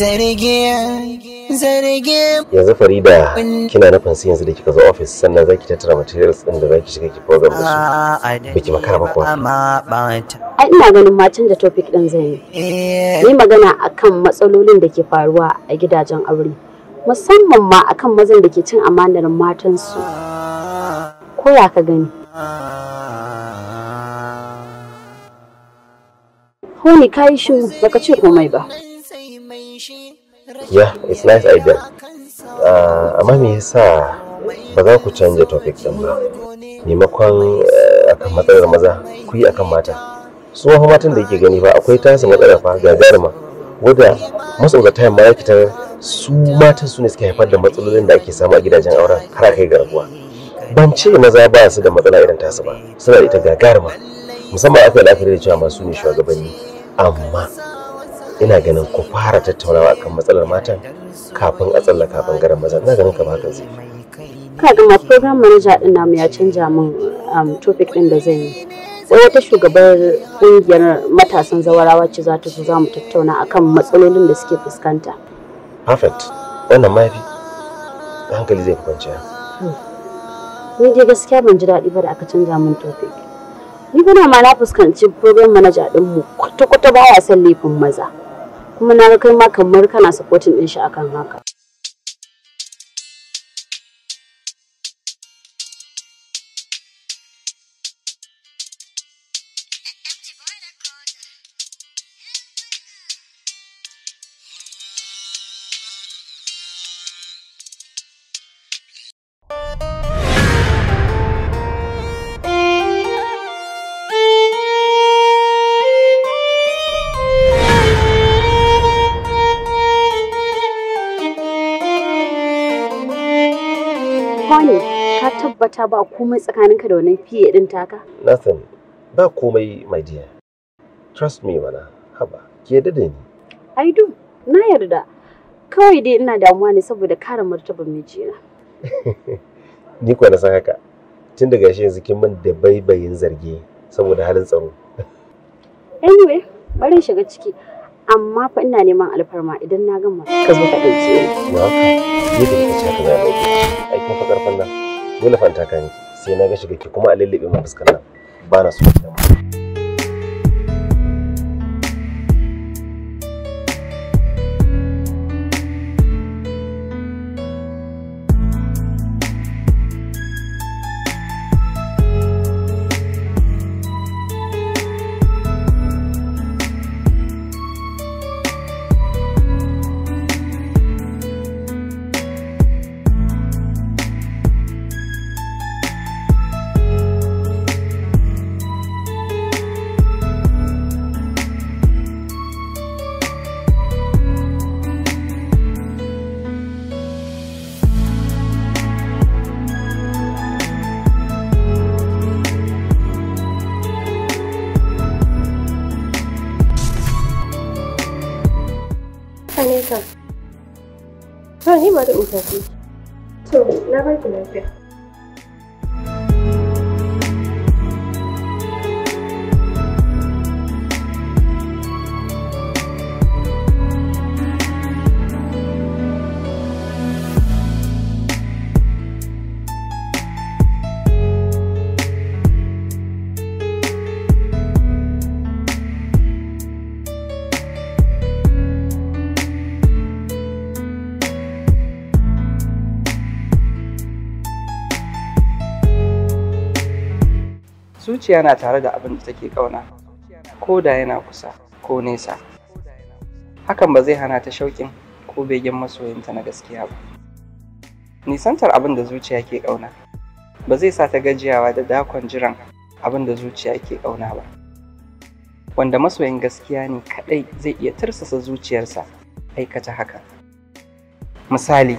yanzu farida kina nufin sai yanzu da kika zo office sannan za ki tattara materials din da za ki shiga ki program da su ah, biki makara ba kuwa ai ina ganin ma da topic din zai yi eh. magana akan matsalolin da ke faruwa a gidajen aure musamman ma akan mazan da ke cin amanar matansu ko ya ka gani Honi ka yi shiru baka ce komai ba. yeah it's nice idea uh, amma me yasa ba za ku canja topic din ba maimakon uh, akan matsalar maza ku yi akan mata su so, matan da yake gani ba akwai tasa matsala fa wada wadda masaurata yamma ya kitar su matan su ne suke haifar da matsalolin da ake samu a gidajen auren har kai garkuwa ban ce maza ba su da matsala irin tasu ba suna da ita gagarima musamman aka yi da cewa masu ne shugabanni amma ina ganin ku fara tattaunawa akan matsalar matan kafin a tsallaka bangaren maza na ganin kamar ka zai ka ga ma program manager din namu ya canja min um, topic din da zan yi wai wata shugabar kungiyar matasan zawarawa ce za ta zo za mu tattauna akan matsalolin da suke fuskanta perfect wannan ma fi hankali zai fi kwanciya hmm. ni dai gaskiya ban ji daɗi ba da aka canja min topic ni bana ma na fuskanci program manager mu kwata-kwata baya son laifin maza kuma na ga kai ma kamar kana supporting din shi akan haka tabbata ba komai tsakaninka da wannan fiye din taka? Nothing. Ba komai, my dear. Trust me mana, haba, ki yarda da ni. I do. Na yarda. Kawai dai ina damuwa ne saboda kare martabar mijina. ni kuwa na san haka. Tun daga shi yanzu kin min da baibayin zargi saboda halin tsaro. Anyway, bari shiga ciki. Amma fa ina neman alfarma idan na gama. Ka zo ka ɗauke ni. Ni da kike cewa ka zo ka ɗauke. Aikin fa ƙarfin nan. dole fanta ka ne sai na ga shiga ki kuma a lallabe mu fuskar nan ba na so To ni ma da utafi To na barki lafiya. zuciya na tare da abin da take ƙauna ko da yana kusa ko nesa hakan ba zai hana ta shauƙin ko begen masoyinta na gaskiya ba nisantar abin da zuciya ke kauna ba zai sa ta gajiyawa da dakon jiran abin da zuciya ke ƙauna ba wanda masoyin gaskiya ne kaɗai zai iya tursasa zuciyarsa aikata haka misali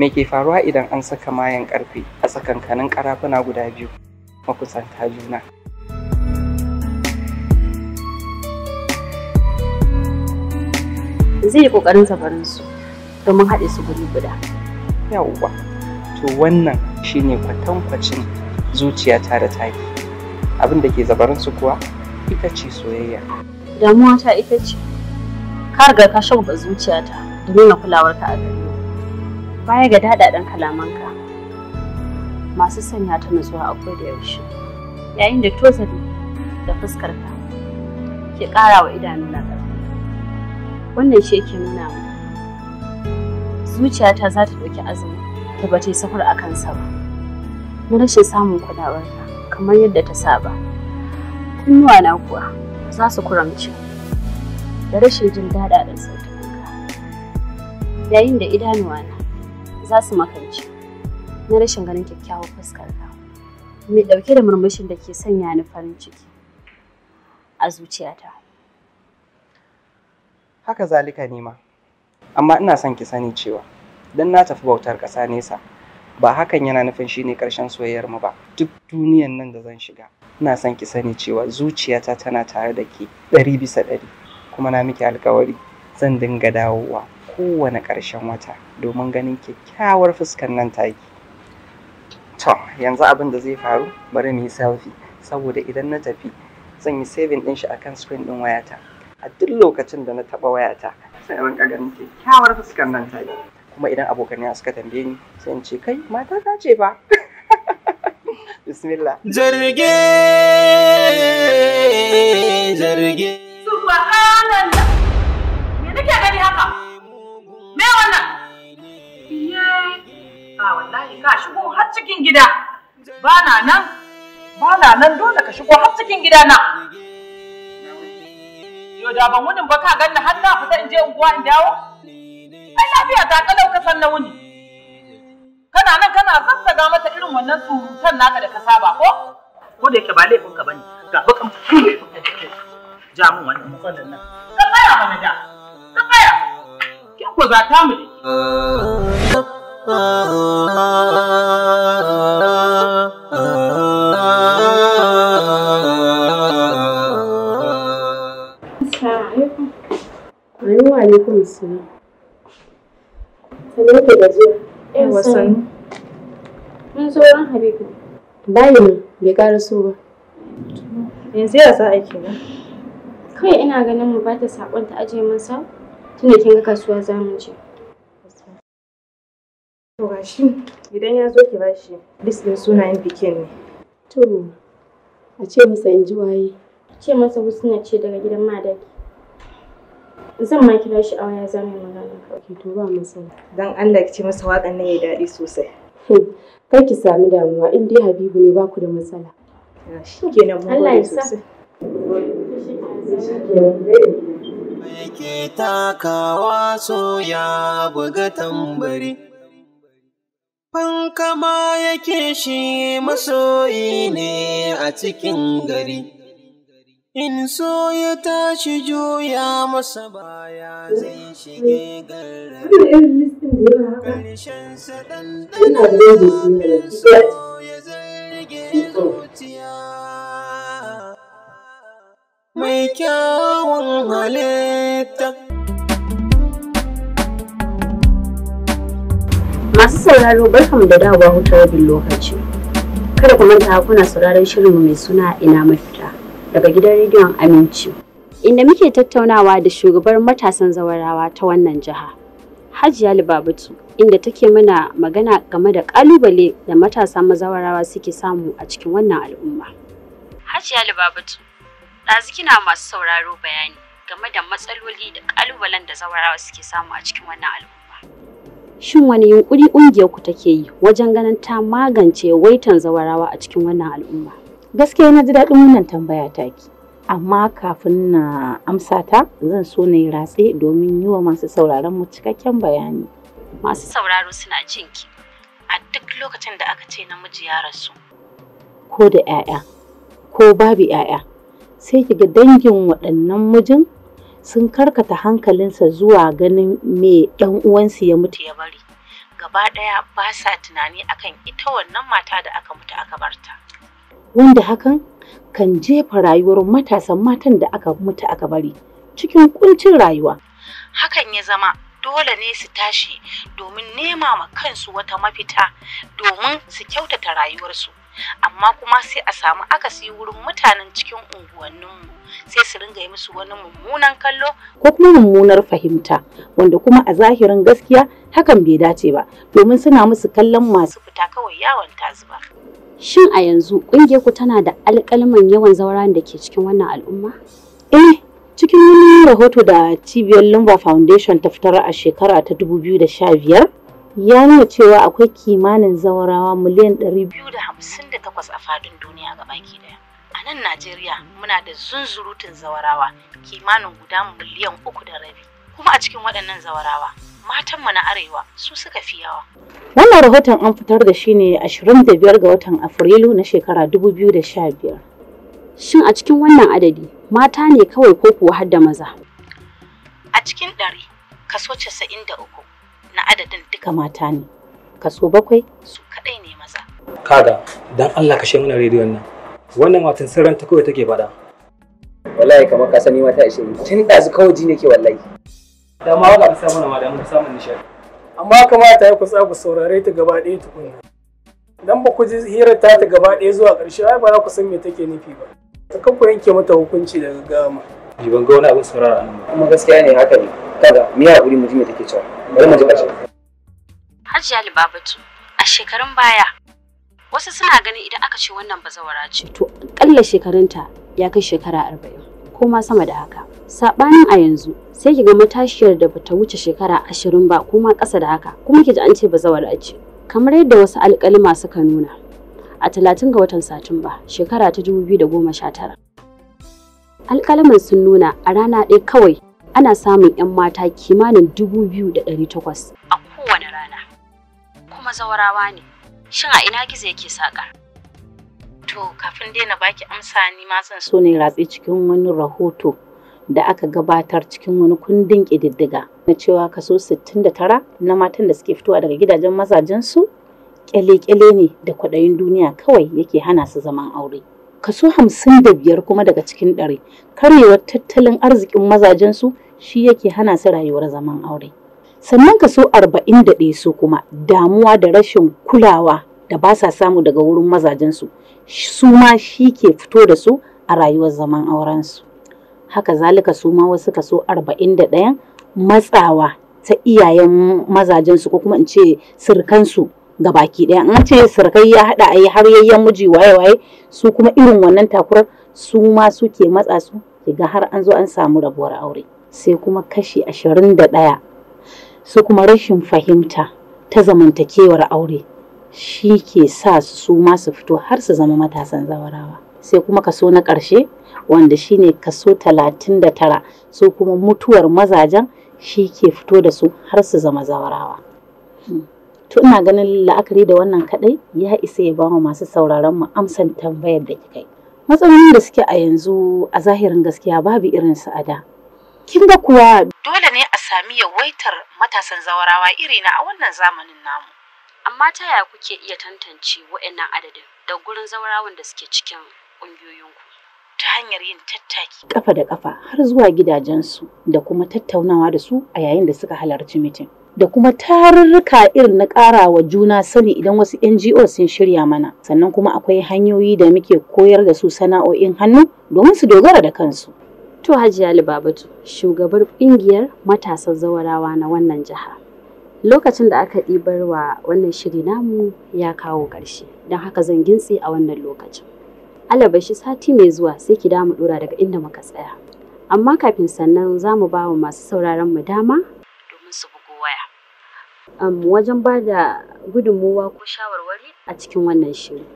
me ke faruwa idan an saka mayan karfe a tsakankanin ƙarafuna guda biyu makusanta juna zai yi kokarin safarin su domin haɗe su guri guda uwa to wannan shine kwatankwacin zuciya ta da taki abin da ke zabarin su kuwa ita ce soyayya damuwa ta ita ce ka riga ka shagwaba zuciyata na kulawar ka a gare baya ga daɗaɗɗen kalamanka masu sanya ta nutsuwa a koda yaushe yayin da tozali da fuskar ke ƙara wa idanu ƙarfi wannan shi yake nuna mu zuciyata za ta ɗauki azumi ta ba ta yi safar a kansa ba na rashin samun kulawarka kamar yadda ta saba kunnuwana kuwa za su kuramci da rashin jin daɗaɗin sautukanka yayin da idanuwana za su makance na rashin ganin kyakkyawar fuskar ka mai ɗauke da murmushin da ke sanya ni farin ciki a zuciyata haka zalika nema amma ina son ki sani cewa dan na tafi bautar ƙasa nesa ba hakan yana nufin shine karshen soyayyar mu ba duk duniyan nan da zan shiga ina son ki sani cewa zuciyata tana tare da ke ɗari bisa ɗari kuma na miki alkawari zan dinga dawowa kowane ƙarshen wata domin ganin kyakkyawar fuskar nan taki to yanzu abin da zai faru bari mu yi selfie saboda idan na tafi zan yi saving din shi akan screen din wayata a duk lokacin da na taba wayata sai ran ka ganin kyakkyawar fuskar nan ta kuma idan abokanai suka tambaye ni sai in ce kai mata ta ce ba bismillah jirge jirge subhanallah wallahi ka shigo har cikin gida ba na nan ba na nan dole ka shigo har cikin gida na yo da ban wunin ba ka ganna har na fita in je unguwa in dawo ai lafiya ta kalau ka san na wuni kana nan kana sassaga mata irin wannan surutan naka da ka saba ko ko da yake ba laifin ka bane ga bakan ja mun wannan matsalar nan ka tsaya bana da ka tsaya kin ko za ta mu ne Assalamu alaikum salam. Sanar da gajiya. Yawa san. Mun zo ran Habibu. Bayi ne, bai ƙara so ba. Yanzu ya sa aiki ba. Kawai ina ganin mu ba ta saƙon ta ajiye masa tunda kin ga kasuwa za mu je. To ga shi idan ya zo ki ba shi list ɗin sunayen bikin ne. To a ce masa in ji waye. Ce masa Husna ce daga gidan Madaki. Zan ma kira shi a waya za mu yi magana To ba matsala. Dan Allah ki ce masa waƙan nan ya daɗi sosai. Kar ki sami damuwa in dai Habibu ne ba ku da matsala. Shi nan mun gode sosai. Me ke takawa so ya buga tambari Fankama yake shi masoyi ne a cikin gari, in so ya tashi juya masa baya zai shige garari. Ƙarshensa ɗanɗana so ya zarge Mai kyawun halitta. Masu sauraro barkamu da dawowa hutun rabin lokaci. Kada ku manta kuna sauraron shirinmu mai suna ina mafita daga gidan rediyon Aminci. Inda muke tattaunawa da shugabar matasan zawarawa ta wannan jiha. Hajiya Libabatu inda take mana magana game da kalubale da matasan mazawarawa suke samu a cikin wannan al'umma. Hajiya Libabatu, ɗazu kina masu sauraro bayani game da matsaloli da kalubalen da zawarawa suke samu a cikin wannan al'umma. Shin wani yunkuri ƙungiyarku take yi wajen ganin ta magance waitan zawarawa a cikin wannan al'umma? Gaskiya na ji daɗin wannan tambaya ta ki Amma kafin na amsa ta zan so na yi ratse domin yi wa masu sauraron mu cikakken bayani. Masu sauraro suna ki. a duk lokacin da aka ce namiji ya rasu. Ko da 'ya'ya ko babu 'ya'ya sai ki ga dangin waɗannan mijin sun karkata hankalinsa zuwa ganin me ɗan uwansu ya mutu ya bari gaba ɗaya ba sa tunani akan ita wannan mata da aka mutu aka barta wanda hakan kan jefa rayuwar matasan matan da aka mutu aka bari cikin kuncin rayuwa hakan ya zama dole ne su tashi domin nema ma kansu wata mafita domin su kyautata rayuwarsu amma kuma sai a samu akasi wurin mutanen cikin unguwanninmu sai su ringa yi musu wani mummunan kallo ko kuma mummunar fahimta wanda kuma a zahirin gaskiya hakan bai dace ba domin suna musu kallon masu fita kawai yawon tazuba. Shin a yanzu ƙungiyarku tana da alƙalman yawan zauren da ke cikin wannan al'umma? Eh, cikin wani rahoto da cibiyar Lumba Foundation ta fitar a shekara ta 2015 ya nuna cewa akwai kimanin zawarawa miliyan 258 a fadin duniya ga baki ɗaya. a nan Najeriya muna da zunzurutun zawarawa kimanin guda miliyan uku da rabi. Kuma a cikin waɗannan zawarawa matanmu na arewa su suka fi yawa. Wannan rahoton an fitar da shi ne 25 ga watan Afrilu na shekara 2015. Shin a cikin wannan adadi mata ne kawai ko kuwa har da maza? A cikin ɗari kaso 93 na adadin duka mata ne. Kaso bakwai su kaɗai ne maza. Kada, don Allah ka shi mana rediyon nan. wannan watan sirran ta kawai take faɗa wallahi kamar ka sani mata ishe tun da su kawai ji nake wallahi da ma waka bisa mana ma da mun samu nishadi amma kamata ya kusa ku saurare ta gaba ɗaya tukunna dan ba ku ji hirar ta ta gaba ɗaya zuwa ƙarshe ai ba za ku san me take nufi ba ta ku yanke mata hukunci daga gama ji ban ga wani abin saurara nan ba kuma gaskiya ne haka ne kaga me ya guri me take cewa bari mu ji ƙarshe Hajiya Libabatu a shekarun baya Wasu suna ganin idan aka ce wannan bazawara ce. To ƙalla shekarunta ya kai shekara arba'in ko ma sama da haka. Saɓanin a yanzu sai ki ga matashiyar da bata wuce shekara ashirin ba ko ma ƙasa da haka kuma ki ji an ce bazawara ce. Kamar yadda wasu alƙalima suka nuna a talatin ga watan Satumba shekara ta dubu biyu da goma sha tara. Alƙalamin sun nuna a rana ɗaya kawai ana samun 'yan mata kimanin dubu biyu da ɗari takwas a kowane rana kuma zawarawa ne. Shin a ina gizo yake saƙa? To, kafin dai na baki amsa ni ma zan so ne ratse cikin wani rahoto da aka gabatar cikin wani kundin ƙididdiga na cewa kaso 69 na matan da suke fitowa daga gidajen mazajen su kyale-kyale ne da kwaɗayin duniya kawai yake hana su zaman aure. Kaso 55 kuma daga cikin ɗari karyewar tattalin arzikin mazajen su shi yake hana su rayuwar zaman aure. sannan kaso arba'in da ɗaya su kuma damuwa da rashin kulawa da ba sa samu daga wurin mazajensu su ma shi ke fito da su a rayuwar zaman aurensu haka zalika su ma wasu kaso arba'in da ɗayan matsawa ta iyayen mazajensu ko kuma in ce sirkansu ga baki ɗaya an ce sirkai ya haɗa a yi har yayyan miji waye waye su kuma irin wannan takurar su ma suke matsa su daga har an zo an samu rabuwar aure sai kuma kashi ashirin da ɗaya su kuma rashin fahimta ta zamantakewar aure shi ke sa su masu fito har su zama matasan zawarawa sai kuma kaso na ƙarshe wanda shi ne kaso talatin da tara su kuma mutuwar mazajen shi ke fito da su har su zama zawarawa to ina ganin la'akari da wannan kadai ya isa ya bawa masu sauraron mu amsan tambayar da kika matsalolin da suke a yanzu a zahirin gaskiya babu irin su a da Kin ga kuwa dole ne a sami yawaitar matasan zawarawa irina a wannan zamanin namu. Amma ta yaya kuke iya tantance wa'annan adadin da gurin zawarawan da suke cikin ƙungiyoyinku? Ta hanyar yin tattaki. Kafa da kafa har zuwa gidajensu da kuma tattaunawa da su a yayin da suka halarci mitin. da kuma tarurruka irin na ƙara wa juna sani idan wasu NGO sun shirya mana sannan kuma akwai hanyoyi da muke koyar da su sana'o'in hannu domin su dogara da kansu To Hajiya Babatu shugabar kungiyar matasan zawarawa na wannan jiha. Lokacin da aka ɗibar wa wannan shiri namu ya kawo ƙarshe, don haka zan gintse a wannan lokacin. shi sati mai zuwa sai ki damu ɗora daga inda muka tsaya. Amma kafin sannan za mu ba wa masu sauraron mu dama domin su bugo waya. Um, wajen ba da gudunmuwa ko shawarwari a cikin wannan shiri.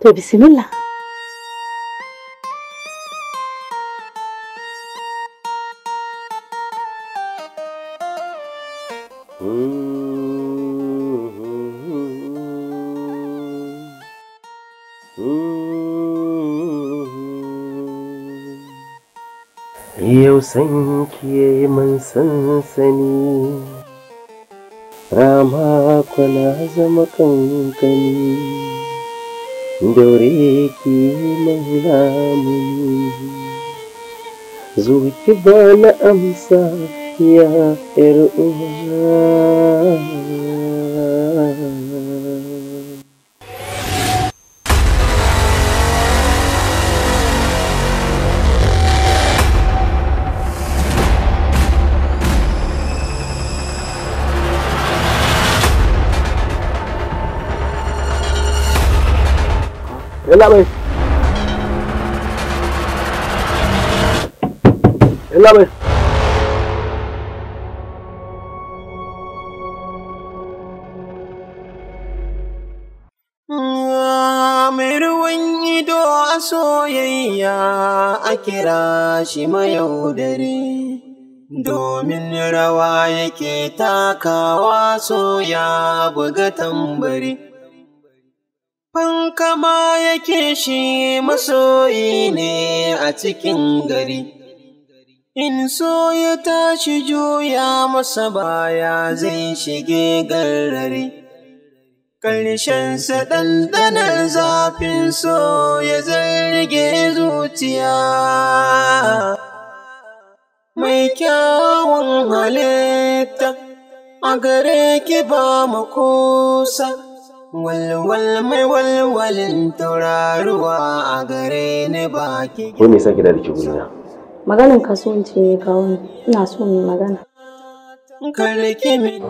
to bismillah. Eu san kiye man sansani rama kwana zama kankani daure ki man lamuni zuki ba na amsa ya 'yar uwa yalla bai yalla bai soyayya a kira shi mayaudari domin rawa yake takawa soya buga tambari Fankama yake shi masoyi ne a cikin gari, in so ya tashi juya masa baya zai shige garrari. sa ɗanɗanar zafin so ya zarge zuciya. Mai kyawun halitta a gare ki ba makusa. Walwal mai walwalin tauraruwa a gare ni baki. Ko me yasa kina da kiguna? Maganin kasuwanci ne kawo ni. Ina so mu magana. Karki min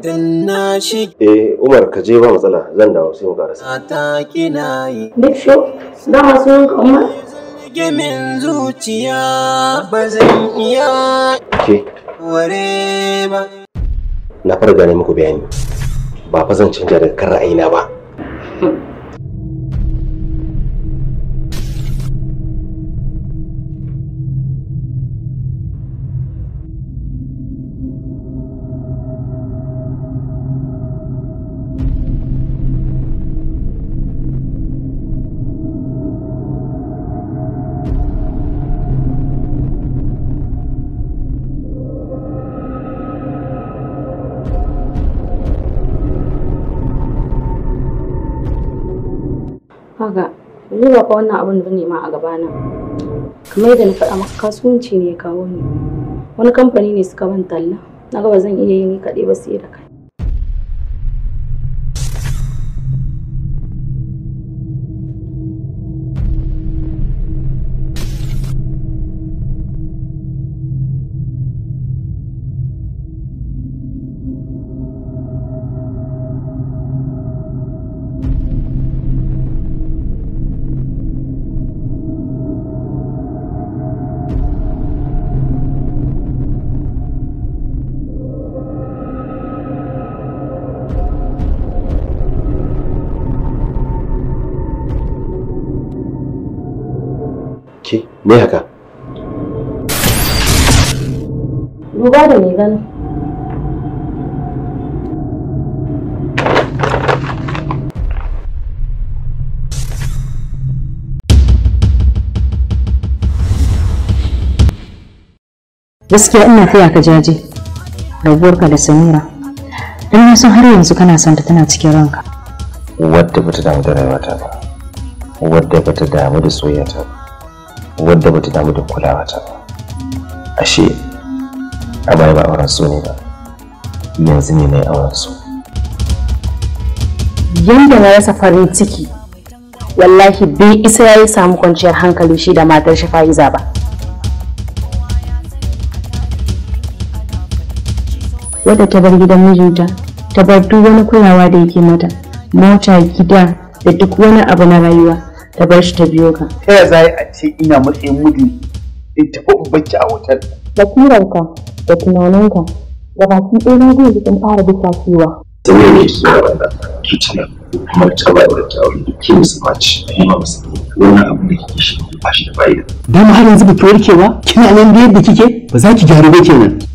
Dan shi. Eh Umar ka je ba matsala zan dawo sai mu karasa. Ta kina yi. Duk sho da masu kuma. Gemin zuciya ba zan iya. Ke. Ware ba. Na fara gane muku bayani. ba fa zan canja daga kan ra'ayina ba Kaga, ni ba fa wannan abin da nema a gabana. Kamar yadda na faɗa maka kasuwanci ne ya kawo ni. Wani kamfani ne suka ban talla. Na ga ba zan iya yi ni kaɗai ba sai da kai. me haka duba da me gani gaskiya ina fiya ka jaje rabuwarka da samira don na har yanzu kana son ta tana cikin ranka wadda bata damu da rayuwata ba wadda bata damu da ta ba wadda bata damu da kulawa ta ashe a baya ba auren su ne ba yanzu ne na auren su yadda na rasa farin ciki wallahi bai isa ya yi samu kwanciyar hankali shi da matar shi fa'iza ba wadda ta bar gidan mijinta ta bar duk wani kulawa da yake mata mota gida da duk wani abu na rayuwa ta bar shi ta biyo ka ta yaya za a ce ina matsayin mudu in tafi in bacci a da basiranka da tunaninka da baki ɗaya na zai jikin fara bisa cewa ta ne ne su yawa da kitchen kamar ta ba da wuri da ke musu maci kuma musu wannan abu da kike shi ba shi da fa'ida dama har yanzu ba ki warkewa kina nan da yadda kike ba za ki gyaru ba kenan